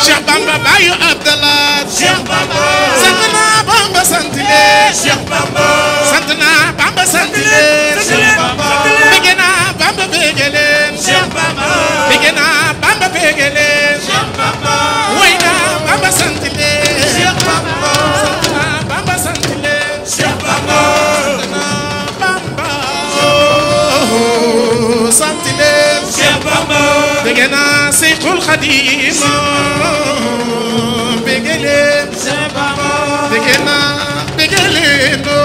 Cheikh Bamba Bayu Abdallah Cheikh Bamba sant naa Bamba sant leen Cheikh Bamba sant naa Bamba sant leen Cheikh Bamba bëgg naa Bamba bëgg leen Cheikh Bamba bëgg naa Bamba bëgg leen Cheikh Bamba way naa Bamba sant leen Cheikh Bamba sant naa Bamba sant leen Cheikh Bamba sant naa Bamba sant leen Cheikh Bamba bëgg naa Seyxul Xadiim bégg leen bégg naa bégg leen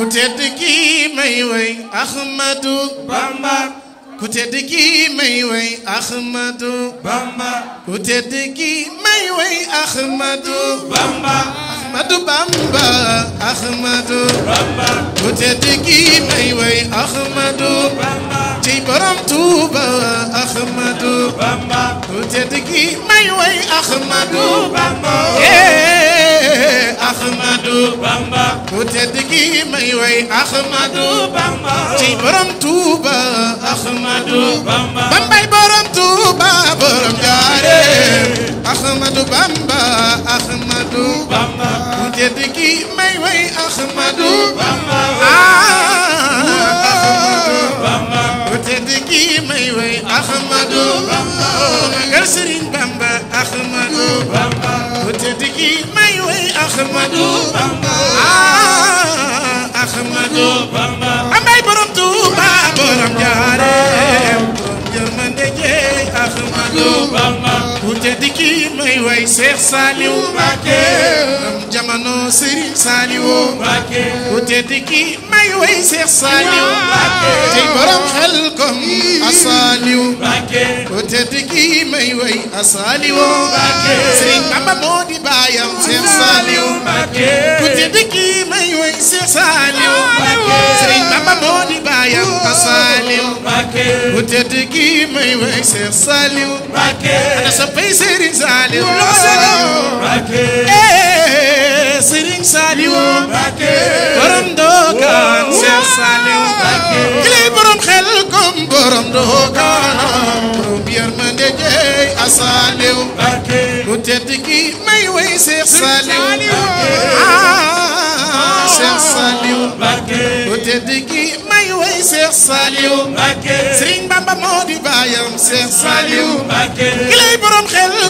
ku tedd ki may way Ahmadu Bamba ku tedd ki may way Ahmadu Bamba ku tedd ki may way Ahmadu Bamba Ahmadu Bamba Ahmadu Bamba ku tedd gi may way Ahmadu Bamba ci borom Tuuba Ahmadu Bamba ku tedd gi may way Ahmadu Bamba eh Ahmadu Bamba ku tedd gi may way Ahmadu Bamba ci borom Tuuba Ahmadu Bamba Bambay borom Tuuba borom jaare Ahmadu Bamba Ahmadu Bamba ku tedd ki may way Ahmadu Bamba Ahmadu Bamba ku tedd ki may way Ahmadu Bamba ngal Serigne Bamba Ahmadu Bamba ku tedd ki may way Ahmadu Bamba ah, Ahmadu Bamba amay borom Tuuba borom jaareem borom jërmande jey Ahmadu Bamba way way Seex Saaliw Mbàkke am jamono Sëriñ Saaliw Mbàkke ku tedd ki may way Seex Saaliw Mbàkke tey borom xel kom Asaaliw Mbàkke ku tedd ki may way Asaaliw Mbàkke Sëriñ Bamba moo di baayam Seex Saaliw Mbàkke ku tedd ki may way Seex Saaliw Mbàkke Sëriñ Bamba moo di baayam Asaaliw Mbàkke ku tedd ki may way Seex Saaliw Mbàkke ana sa pay Sëriñ Saaliw Saliou loxo Saliou Mbacké eh Serigne Saliou Mbacké borom dookaan Cheikh Saliou Mbacké kili borom xel kom borom dookaan borom yërmande jeey a Saliou Mbacké ah, ku tedd ki may way Cheikh Saliou ah Cheikh Saliou Mbacké ku tedd ki may way Cheikh Saliou Mbacké Serigne Bamba moo di baayam Cheikh Saliou Mbacké kili borom xel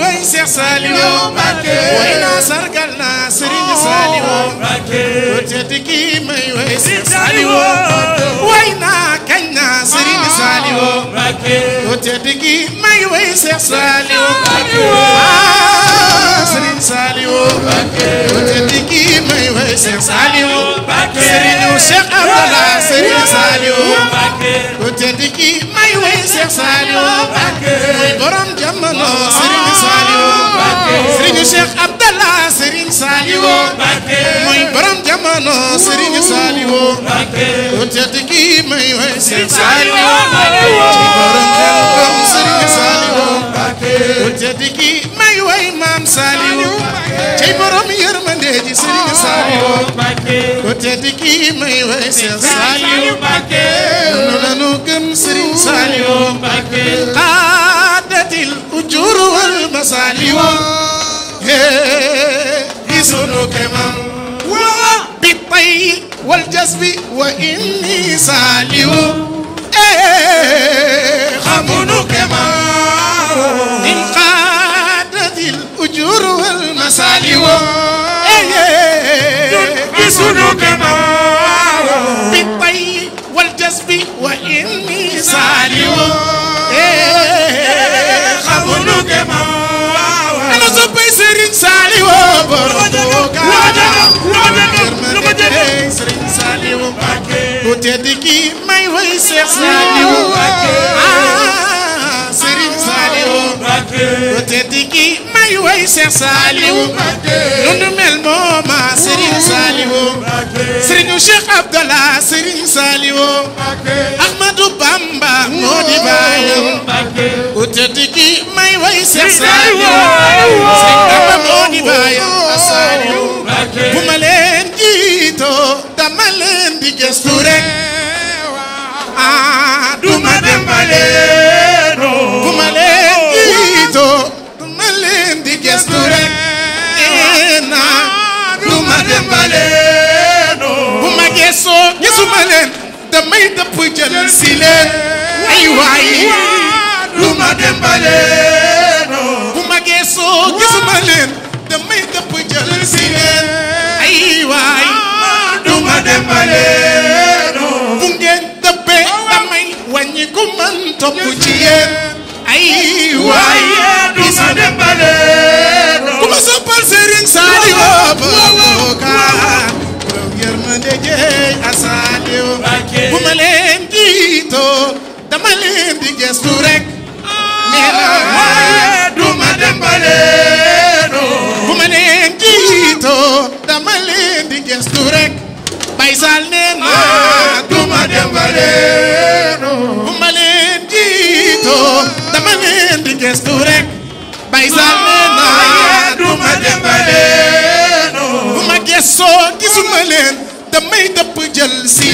way Seex Saaliwu Mbàkke way naa sargal naa Sëriñ Saaliwu Mbàkke ko tedd ki may way Seex Saaliwu way naa kañ naa Sëriñ Saaliwu Mbàkke ko tedd ki may way Seex Saaliwu Mbàkke ah, Sëriñ Saaliwu Mbàkke ko tedd ki may way Seex Saaliwu Mbàkke Sëriñ Cheikh Abdallah Sëriñ Saaliwu Mbàkke ko tedd ki may way Seex Saaliwu Mbàkke borom jamono ku tedd kii may way Sëriñ Saaliw ci borom xel kom Sëriñ Saaliw ku tedd kii may way maam Saaliw ci borom yërmande ji Sëriñ Saaliw ku tedd kii may way Sëriñ Saaliw nu nanu gëm Sëriñ Saaliw qaadatil ujur wal masaaliw hee gisunu kemam والجذب وإني سالم خمن كما إن قادت الأجور والمسالم ينقصن كما بالطي والجذب وإني سالم tedd gi may way Seex Saaliw Mbàkke Sëriñ Saaliw Mbàkke ku tedd gi may way mel mooma Sëriñ Saaliw Mbàkke Sëriñu Cheikh Abdallah Sëriñ Saaliw Mbàkke Ahmadou Bamba moo di baayam ku tedd gi may way Seex Saaliw Mbàkke Sëriñ gëstu rek ah du ma dem ba leen du ma leen di itoo du ma leen di gëstu rek naa du ma dem ba leen bu ma gëstoo gisu ma leen damay dëpp jël si leen ay waay du ma dem ba leen bu ma gëstoo gisu ma leen damay dëpp jël si leen ay waay du ma dem ba leen ñi ko man ci yéen. ay waaye du ma dembale. ku ma soppal Serigne Saliou Baba Bokar. borom yërmande jeey Asaliou. ma leen jiitoo dama leen di gestu rek. Ah, nee na ma leen jiitoo dama leen di gestu rek. Baye Sall nee na. Ah, duma dama leen oh. di gëstu rek bay sal nee naa du ma dem ba leen bu ma gëstoo gisuma leen damay dëpp jël si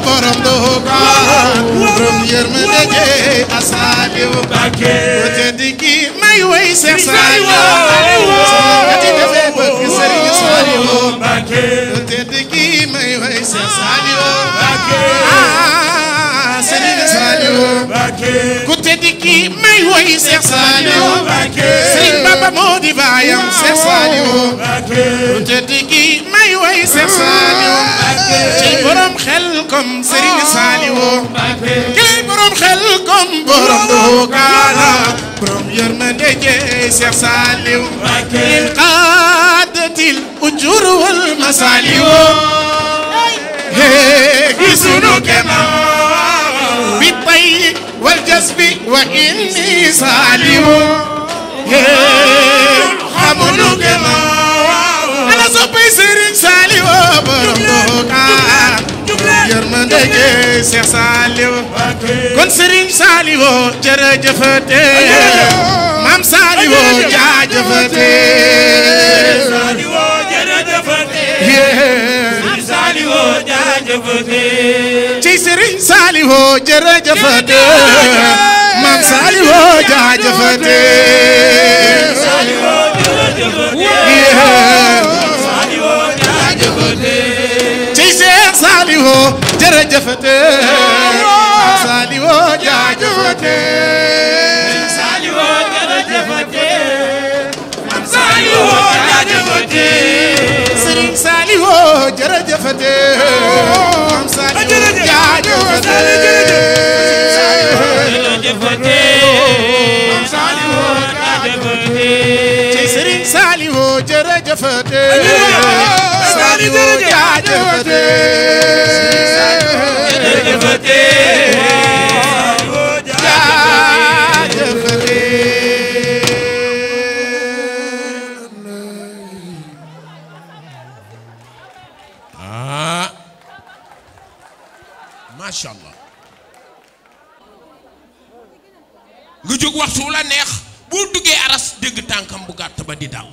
borom doogaan borom yërmande jee Saaliw Mbàkke ko te digi may way Seex Saaliw Mbàkke defee ah, bëgg Sëriñ Saaliw Mbàkke ko te digi may way Seex Saaliw Mbàkke Sëriñ Saaliw Mbàkke ko te digi may way Seex Saaliw Mbàkke Sëriñ Bamba moo di baayam Seex Saaliw Mbàkke ko te digi kii borom xel kom borom duukaala borom yërmande jee Seex Saaliw min qaadatil ujur wal masaaliw hee gisunu kema bi tay wal jasbi wa inni saaliw hee xamunu kema ana soppay Sëriñ Saaliw borom duukaala ndege Cheikh Saliou kon Serigne Saliou jërëjëfate maam Saliou jaajëfate ci Serigne Saliou jërëjëfate maam Saliou jaajëfate ci Cheikh Saliou jërëjëfate Saliou jaajëfate Saliou jërëjëfate Saliou jaajëfate Serigne Saliou jërëjëfate Saliou jaajëfate jërëjëfate Saliou jaajëfate Serigne Saliou jërëjëfate Saliou jaajëfate Ah. macha allah nga jóg waxtu la neex boo duggee aras dégg tànkam bu gàtt ba di dal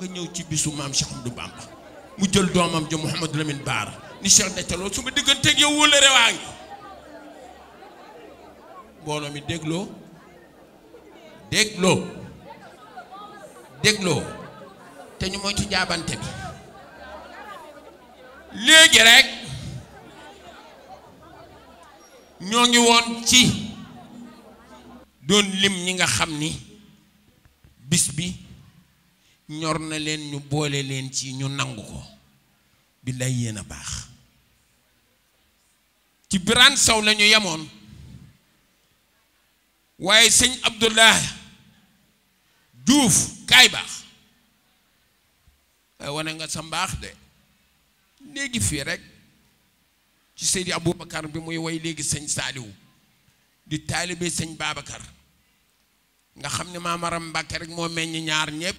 nga ñëw ci bisu maam Cheikh Ahmadou Bamba mu jël doomam ja Mouhamadou Lamine Baara ni Cheikh Béthio Thioune su ma digganteeg yow wóllëre waa ngi mbooloo mi dégloo dégloo dégloo te ñu moytu jaabante bi léegi rek ñoo ngi woon ci doon lim ñi nga xam ni bis bi ñor na leen ñu boole leen ci ñu nangu ko bi lay yéen a baax ci Birane Sow lañu yamoon waaye sëñ Abdoulaye Diouf kaay baax wane nga sa mbaax de léegi fii rekk ci Seydi Aboubacar bi muy woy léegi sëñ saaliw di taalibe sëñ Babacar nga xam ne maamaram Mbàkke rek moo meññ ñaar ñépp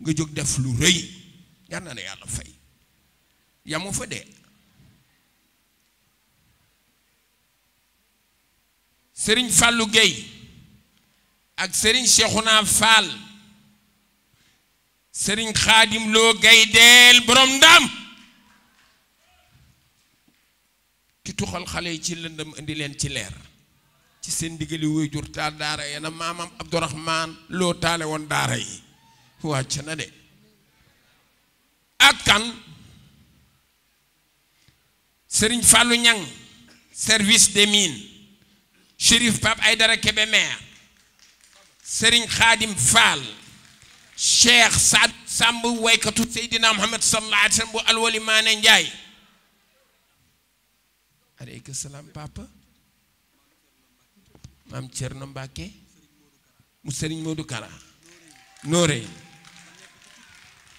nga jóg def lu rëy yar na ne yàlla fay yamu fa dee sëriñ Fallou Gueye ak sëriñ Cheikhouna Fall sëriñ Khadim loo Gueye deel borom ndam ki tuxal xale yi ci lëndam indi leen ci leer ci seen diggali jur taal daara yi na maamam Abdourahman Lo taale woon daara yi wàcc na de ak kan sëriñ Fallou Niang service des mines Chérif Pape ay Kébémer Serigne Khadim Fall Cheikh Saad Samb waykatu Seydina Muhammad sallallahu alayhi wa sallam bu alwali Maane Ndiaye aleyka salaam papa maam Thierno Mbacke mu Serigne Modou Kara nooré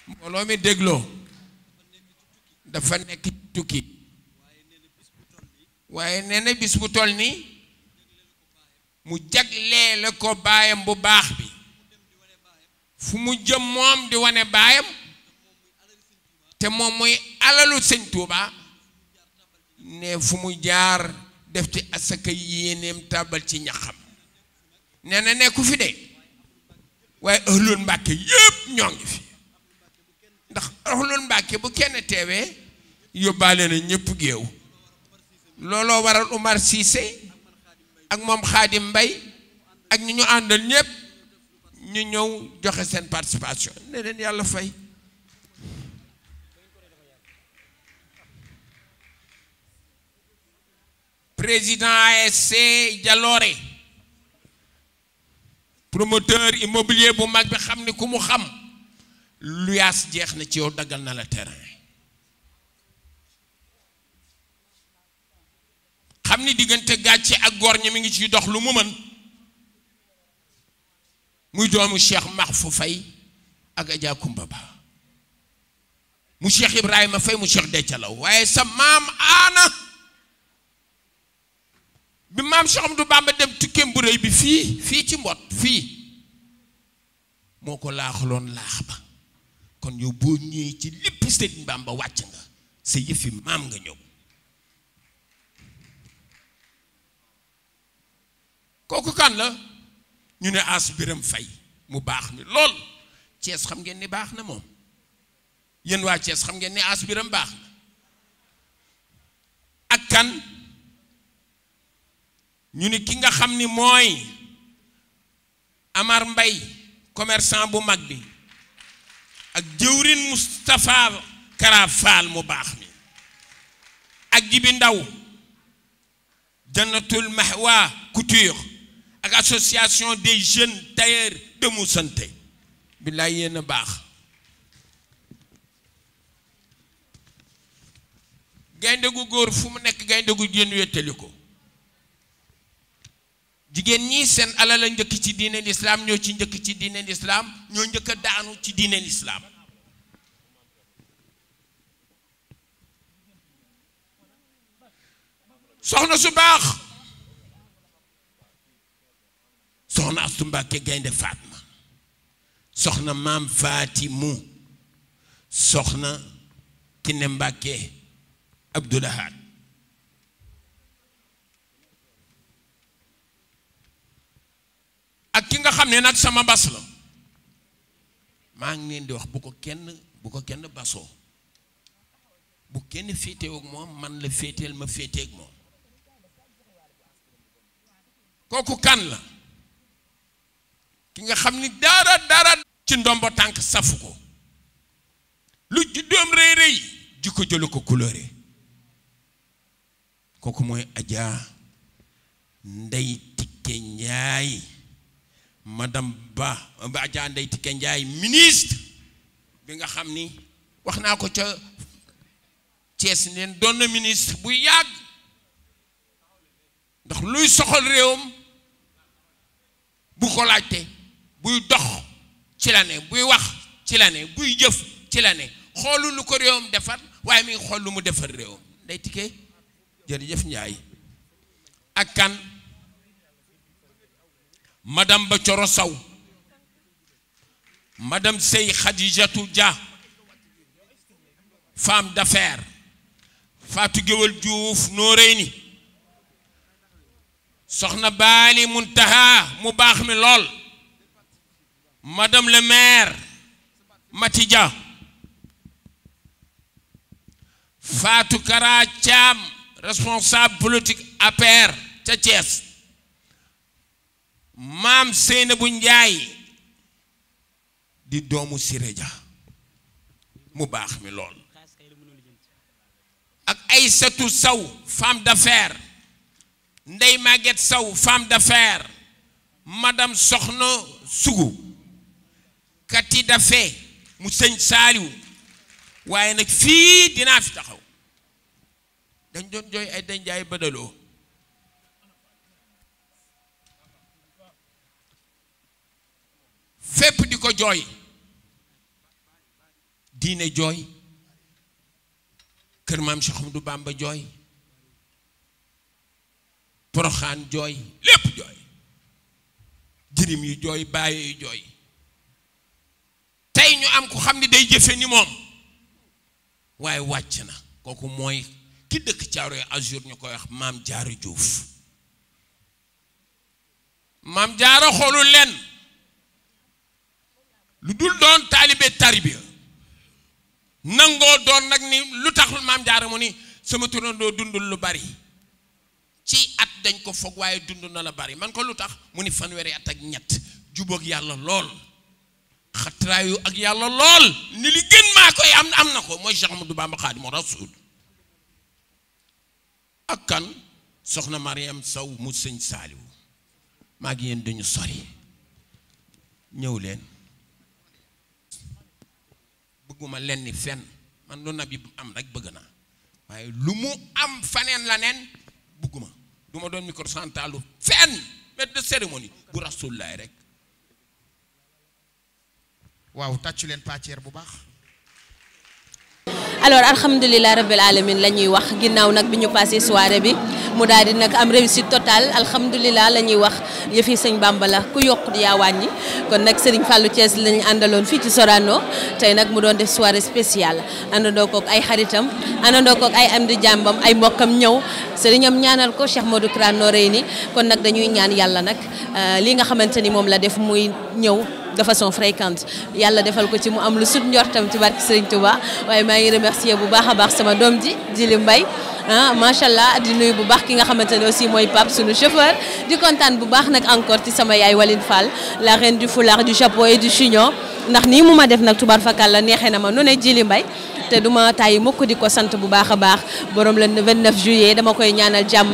mbooloo mi dégloo dafa nekk tukki waaye nee bis bu toll nii mu jagleele ko baayam bu baax bi fu mu jëm moom di wane baayam te moom mooy alalu sëñ Tuuba ne fu mu jaar def ci asaka yéeneem tàbbal ci ñaxam nee na nekku fi de waaye ahlul mbàkke yépp ñoo ngi fi ndax ahlul mbàkke bu kenn teewee yóbbaale na ñépp géew looloo waral Umar Cissé ak moom xaadim mbay ak ñu ñu àndal ñëpp ñu ñëw joxe seen participation ne leen yàlla fay président ASC Jaloore promoteur immobilier bu mag bi xam ni ku mu xam luyaas jeex na ci yow daggal na la terrain xam ni diggante gàcce ak góor ñi mi ngi ciy dox lu mu mën muy doomu cheikh Mahfou Faye ak Adja Kumba Ba mu cheikh Ibrahima Faye mu cheikh Décalaw waaye sa maam aana bi maam Cheikh Amadou Bamba dem tukkeem bu rëy bi fii fii ci mbot fii moo ko laaxaloon laax ba kon yow boo ñëwee ci lépp sëriñ Bamba wàcc nga sa yëfi maam nga ñëw kooku kan la ñu ne as biram fay mu baax mi lool Cees xam ngeen ni baax na moom yéen waa Cees xam ngeen ni as biram baax na ak kan ñu ni ki nga xam ni mooy Amar Mbay commerçant bu mag bi ak jëwrin Moustapha Kara Fall mu baax mi ak jibi ndaw jannatul mahwa couture ak association des jeunes tailleurs de Moussante billaay yéen a baax gaynde gu góor fu mu nekk gaynde gu jën wéttali ko jigéen ñi seen alal a njëkk ci diine lislaam ñoo ci njëkk ci diine lislaam ñoo njëkk daanu ci diine lislaam soxna su baax soxna Astu Mbàkke gaynde Faatma soxna maam Faatimu soxna Kine Mbàkke Abdoulahat ak ki nga xam ne nag sama bas la maa ngi leen di wax bu ko kenn bu ko kenn basoo bu kenn féetee moom man la féeteel ma féetee ak moom kooku kan la ki nga xam ni dara dara ci ndomb tànk safu ko lu juddoom rëy rëy jikko jëlu ko couleur kooku mooy Adja Ndeye Tické Ndiaye madame Ba Adja Ndeye Tické Ndiaye ministre bi nga xam ni wax naa ko ca Thiès neen doon na ministre bu yàgg ndax luy soxal réewam bu ko buy dox ci la ne buy wax ci la ne buy jëf ci la ne xoolu lu ko réewam defar waaye mi xool lu mu defar réewam day tikkee jërëjëf Njaay ak kan madame ba coro saw madam Sey Khadijatou Dia femme d'affaires Fatou Géwal Diouf Noreyni soxna baali muntaha mu baax mi lool Madame le maire Matidia Fatou Kara Thiam responsable politique APR ca Thiès maam Seynabou njaay di doomu Siré Dia mu baax mi lool ak Aïssatou Sow femme d'affaires Ndeye Maguette saw femme d'affaires madame Soxna Sougou katida fee mu sëñ saaliwu waaye nag fii dinaa fi taxaw dañ doon jooy ay dañ jaay badaloo fépp di ko jooy diine jooy kër maam Cheikh Ahmadou Bamba jooy poroxaan jooy lépp jooy jirim yu jooy bàyyi yu jooy ñu am ko xam ni day jëfe ni moom waaye wàcc na kooku mooy ki dëkk caaro yi azur ñu koy wax maam jaaro juuf maam jaaro xoolul leen lu dul doon taalibe tarbiya nangoo doon nag ni lu tax maam jaaro mu ni sama turandoo dundul lu bari ci at dañ ko foog waaye dund na la bari man ko lu tax mu ni fanweeri at ak ñett jubook yàlla lool xatraayu ak yàlla lool ni li gën maa koy am am na ko mooy Cheikh Ahmadou Bamba Xaadimu Rasuul ak kan soxna Mariam Saw mu sëñ saaliw maa ngi yéen dañu sori ñëw leen bëgguma lenn fenn man lu nabi am rek bëgg naa waaye lu mu am faneen la neen bëgguma duma doon micro santalu fenn maître de cérémonie bu Rasulullah rek waaw tàccu leen pàcceer bu baax. alors alhamdulilah rabil alamin la ñuy wax ginnaaw nag bi ñu passé soirée bi mu daal di nag am réussite totale alhamdulilah la ñuy wax yëfi sëñ Bamba la ku yokk yaa wàññi kon nag Serigne Fallou Thiès lañ àndaloon fii ci Sorano tey nag mu doon def soirée spéciale àndandoo koog ay xaritam àndandoo koog ay am di jàmbam ay mbokkam ñëw Serigne am ñaanal ko Cheikh Modou Kran Noreyni kon nag dañuy ñaan yàlla nag euh, li nga xamante ni moom la def muy ñëw. de façon fréquent yàlla defal ko ci mu am lu sut njortam ci barke Serigne Touba waaye maa ngi remercier bu baax a baax sama doom ji di li mbay ah macha allah di nuyu bu baax ki nga xamante ne aussi mooy Pape sunu chauffeur di kontaan bu baax nag encore ci sama yaay walin Fall la reine du foulard du chapeau et du chignon ndax nii mu ma def nag tubaar fakal la neexee na ma nu ne li mbay te du ma tàyyi mukk di ko sant bu baax a baax borom le 29 juillet dama koy ñaanal jàmm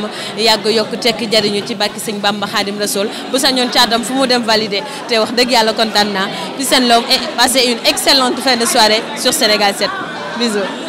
yàgg yokk tekki jariñu ci bàkki sëñ Bamba Xaadim Rasul bu sañoon caatam fu mu dem validé te wax dëgg yàlla kontaan naa Peace and love et passez une excellente fin de soirée sur Sénégal 7 bisous